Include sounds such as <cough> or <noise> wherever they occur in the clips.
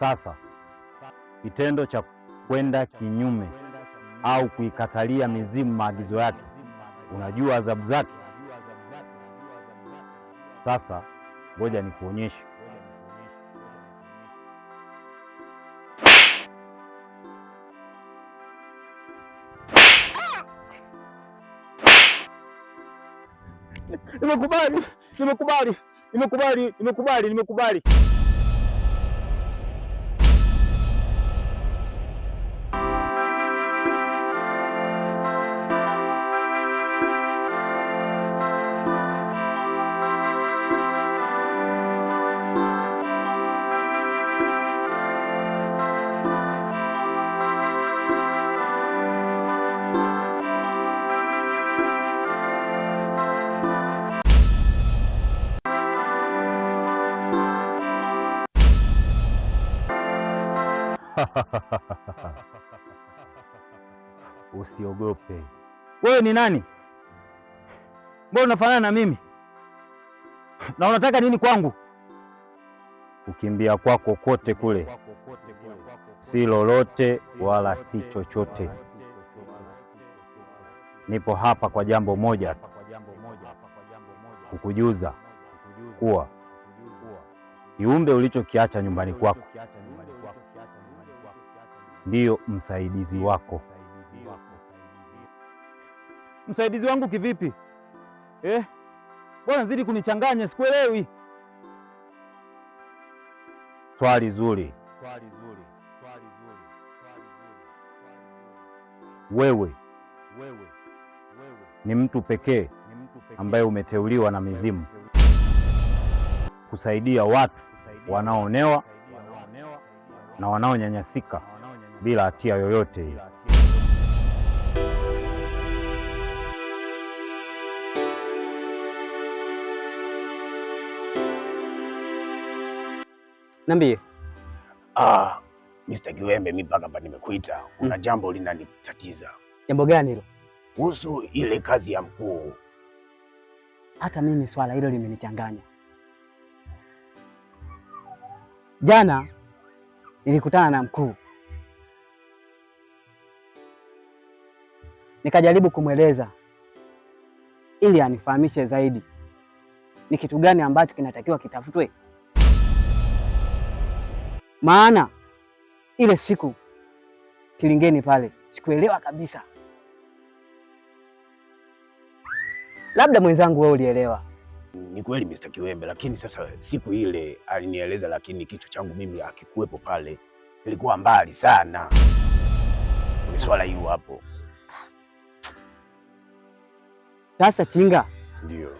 Sasa kitendo cha kwenda kinyume au kuikatalia mizimu maagizo yake, unajua adhabu zake. Sasa ngoja nikuonyeshe. Nimekubali, nimekubali, nimekubali, nimekubali, nimekubali. <laughs> Usiogope. Wewe ni nani? Mbona unafanana na mimi? Na unataka nini kwangu? Kukimbia kwako kote kule si lolote wala si chochote. Nipo hapa kwa jambo moja tu, kukujuza kuwa kiumbe ulichokiacha nyumbani kwako ndiyo msaidizi wako. Msaidizi wangu kivipi eh? Bwana zidi kunichanganya, sikuelewi. Swali zuri. Wewe ni mtu pekee ambaye umeteuliwa na mizimu kusaidia watu wanaoonewa na wanaonyanyasika bila hatia yoyote ile. Niambie. Ah, Mr. Kiwembe, mimi mpaka hapa nimekuita, kuna mm, jambo linanitatiza. Jambo gani hilo? Kuhusu ile kazi ya mkuu. Hata mimi swala hilo limenichanganya. Jana nilikutana na mkuu Nikajaribu kumweleza ili anifahamishe zaidi ni kitu gani ambacho kinatakiwa kitafutwe, maana ile siku kilingeni pale sikuelewa kabisa. Labda mwenzangu wewe ulielewa. Ni kweli Mr. Kiwembe, lakini sasa siku ile alinieleza, lakini kichwa changu mimi akikuwepo pale, ilikuwa mbali sana kwenye swala hiyo hapo Sasa chinga. ndio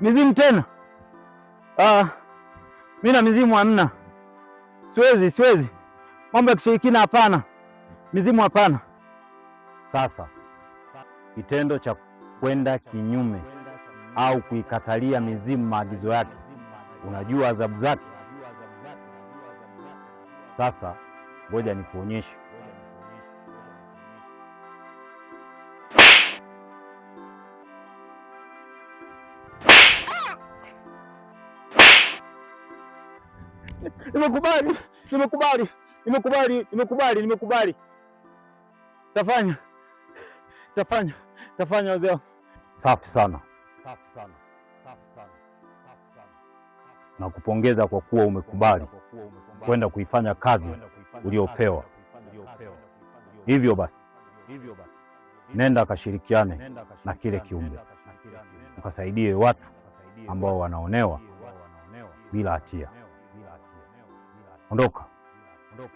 mizimu tena. Ah, mimi na mizimu hamna, siwezi siwezi, mambo ya kishirikina hapana, mizimu hapana. Sasa kitendo cha kwenda kinyume au kuikatalia mizimu maagizo yake, unajua adhabu zake. Sasa ngoja nikuonyeshe nimekubali, nimekubali, nimekubali, nimekubali, nimekubali. Tafanya, tafanya, tafanya wazee Safi sana, safi sana, safi sana, safi sana. Nakupongeza kwa kuwa umekubali kwenda kuifanya kazi uliopewa. Hivyo basi, hivyo basi, nenda kashirikiane na kile kiumbe, ukasaidie watu ambao wanaonewa bila hatia. Ondoka, ondoka.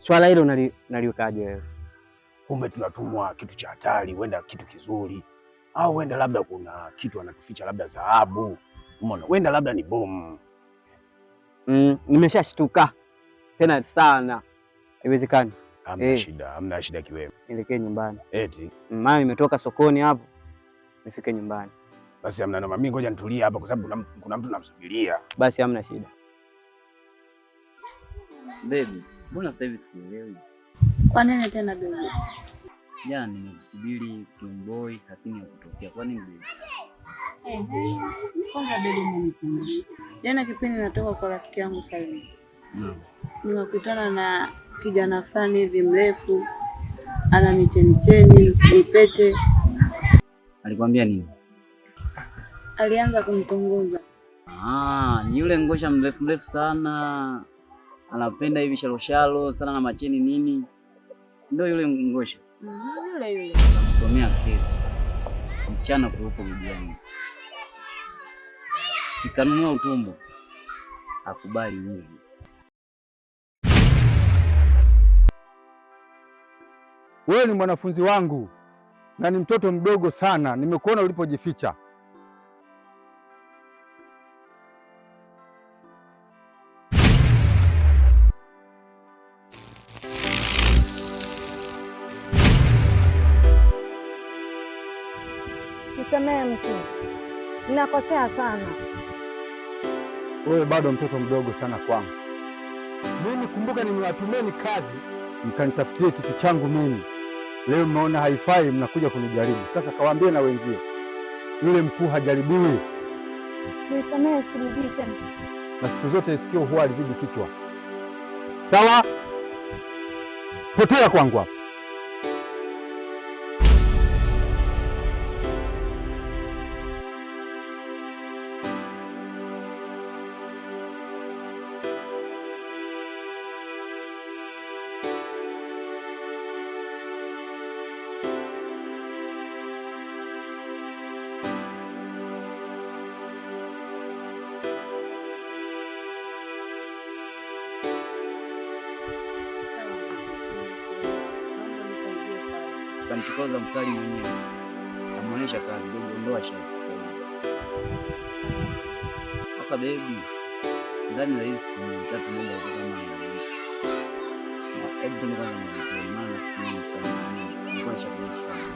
Swala hilo naliwekaje wewe? Kumbe tunatumwa kitu cha hatari, huenda kitu kizuri, au huenda labda kuna kitu anatuficha, labda dhahabu, umeona, huenda labda ni bomu. Mm, nimeshashtuka tena sana haiwezekani. Hamna hey, eh. shida, hamna shida kiwewe. Nielekee nyumbani. Eti. Maana nimetoka sokoni hapo. Nifike nyumbani. Basi hamna noma. Mimi ngoja nitulie hapa kwa sababu kuna, kuna mtu namsubiria. Basi hamna shida. Baby, mbona sasa hivi sikuelewi? Kwa nini tena baby? Jana yaani, nimekusubiri Tomboy lakini hakutokea. Kwa nini baby? Eh, kwanza baby umenikumbusha. Jana yaani kipindi natoka kwa rafiki yangu Saidi. Naam. Nikakutana na kijana fulani hivi mrefu, ana cheni mipete. Alikwambia nini? Alianza kumtongoza. Ah, ni yule ngosha mrefu mrefu sana, anapenda hivi sharosharo sana na macheni nini, si ndio yule ngosha? mm yule yule. Namsomea kesi mchana kuupo mjini, sikanunua utumbo akubali hizi wewe ni mwanafunzi wangu na ni mtoto mdogo sana, nimekuona ulipojificha. Nisamehe mtu, ninakosea sana. Wewe bado mtoto mdogo sana kwangu mimi. Kumbuka, nimewatumeni kazi mkanitafutie kitu changu mimi Leo mmeona haifai, mnakuja kunijaribu. Sasa kawaambie na wengine, yule mkuu hajaribiwi. Nisamehe, sirudii tena. Na siku zote sikio huwa alizidi kichwa. Sawa, potea kwangu hapa. amejikaza mkali mwenyewe, ameonyesha kazi. Ondoa shaka sasa, bebi, ndani ya hizi siku tatu mambo kama hivi. Hebu tuende kwanza, maana siku sana nilikuwa nishazoea sana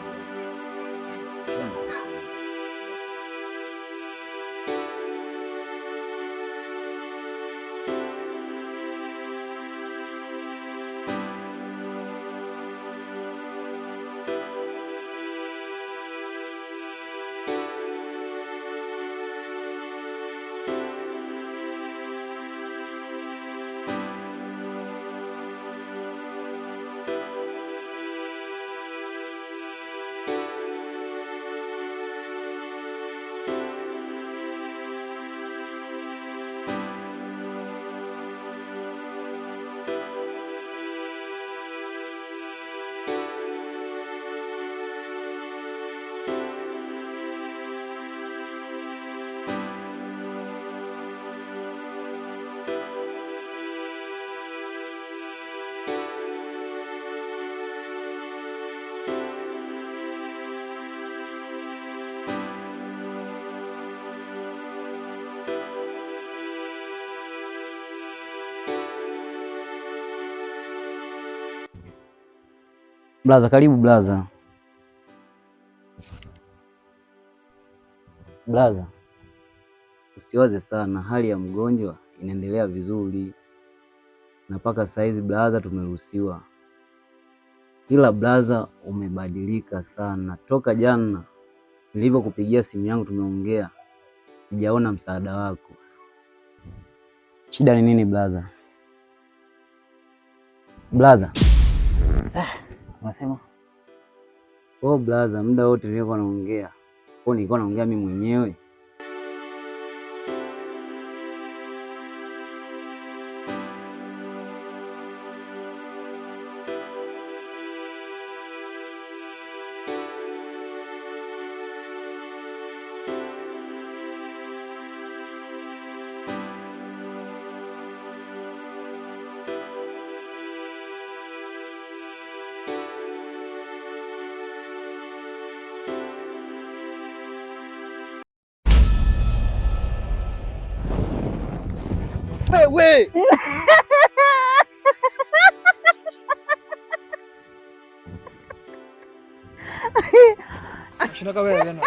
Blaza, karibu blaza. Blaza, usiwaze sana, hali ya mgonjwa inaendelea vizuri na mpaka saizi blaza, tumeruhusiwa. Ila blaza, umebadilika sana toka jana nilivyokupigia simu yangu, tumeongea, sijaona msaada wako. Shida ni nini blaza? Blaza, ah. Unasema oh, brother, muda wote nilikuwa naongea, kwa nilikuwa naongea mimi mwenyewe 왜? 지나가 왜 되나?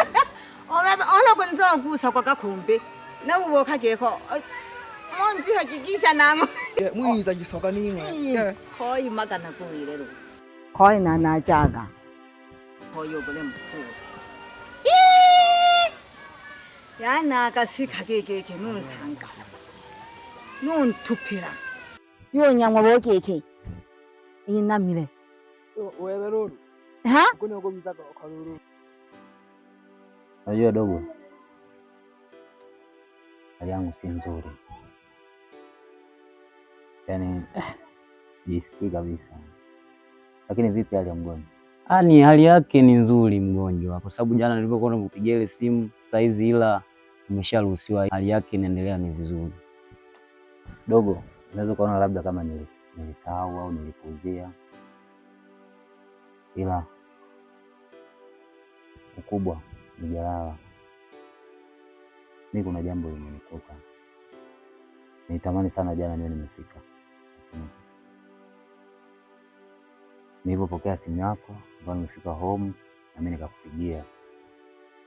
어메 어느 건저 구석가 곰비 나 우와 가게 거 어, 뭔지 하기 기사나고 예 무이 자기 서가니 뭐 거의 막아나 고이래로 거의 나나 자가 거의 요번에 먹고 야 나가시 가게 개는 상가 nuntukira yo nyangwa bokeke inamire e, wewe lulu ha kuno ko kwa lulu najua dogo hali yangu si nzuri yaani jisikii kabisa lakini vipi hali ya mgonjwa Ani hali yake ni nzuri mgonjwa, kwa sababu jana nilipokuwa nimpigia ile simu, saizi ila amesharuhusiwa, hali yake inaendelea ni vizuri dogo, unaweza ukaona labda kama nilisahau au nilipuuzia, ila ukubwa ni jalala. Mi kuna jambo limenikuta, nitamani sana jana niwe nimefika. Nilipopokea simu yako ambayo nimefika home, na mi nikakupigia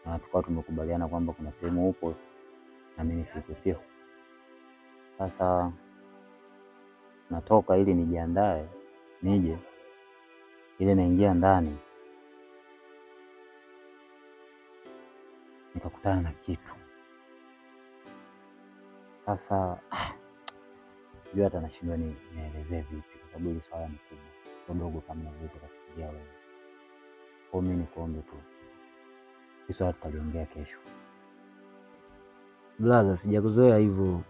na tukawa tumekubaliana kwamba kuna sehemu upo na mi nifike, sio? Sasa natoka ili nijiandae nije, ili naingia ndani nikakutana na kitu sasa <sighs> jua hata nashindwa nielezee vipi, kwa sababu hili swala ni kubwa, sio dogo kama unavyoweza kufikiria wewe. Kwa mimi nikuombe tu hii swala tutaliongea kesho. Blaza, sijakuzoea hivyo.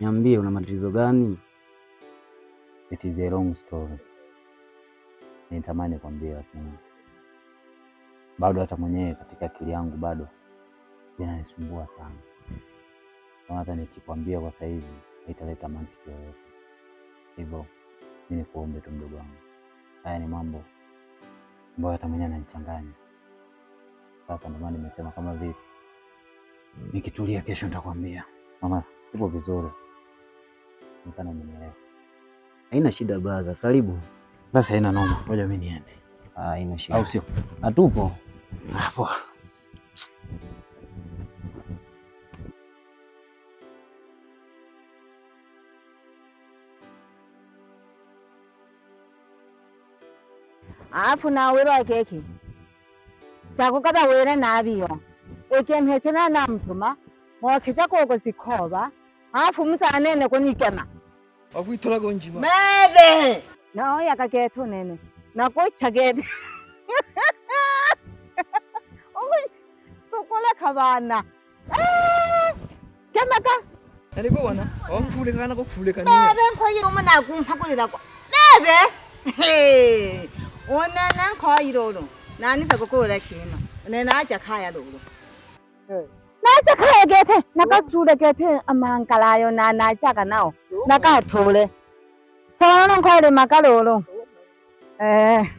Niambie, una matatizo gani? It is a long story. Nitamani kuambia lakini bado hata mwenyewe katika akili yangu bado inanisumbua sana. Hata nikikwambia kwa sasa hivi italeta mantiki yoyote. Hivyo mimi nikuombe tu, mdogo wangu, haya ni mambo ambayo hata mwenyewe ananichanganya. Sasa ndio maana nimesema kama vipi, nikitulia kesho nitakwambia. Mama, sipo vizuri. Nikana nimeelewa. Haina shida brother, karibu. Basi haina noma. Ngoja mimi niende. Ah, haina shida. Au sio? Atupo. Hapo. Ah, Afu na wero akeki chakukaba were na ekemhechena namtuma mwakhita koko sikhoba hafu musanene kunikema wakwitulago njima mebe noo yakaketu nene nakuchagede <laughs> sukuleka ah! oh, bana kemeka anikubona wakufulika kana kukufulika bebe nkoyiruma nakumpakulilakwa bebe unene nkoyirolo nanisa kukuula kino unenaja kaya lolo 这可以的他，那个租的店，阿妈干了哟，哪哪价格哪哦？那个偷嘞，三万弄块嘞嘛，干了喽。哎。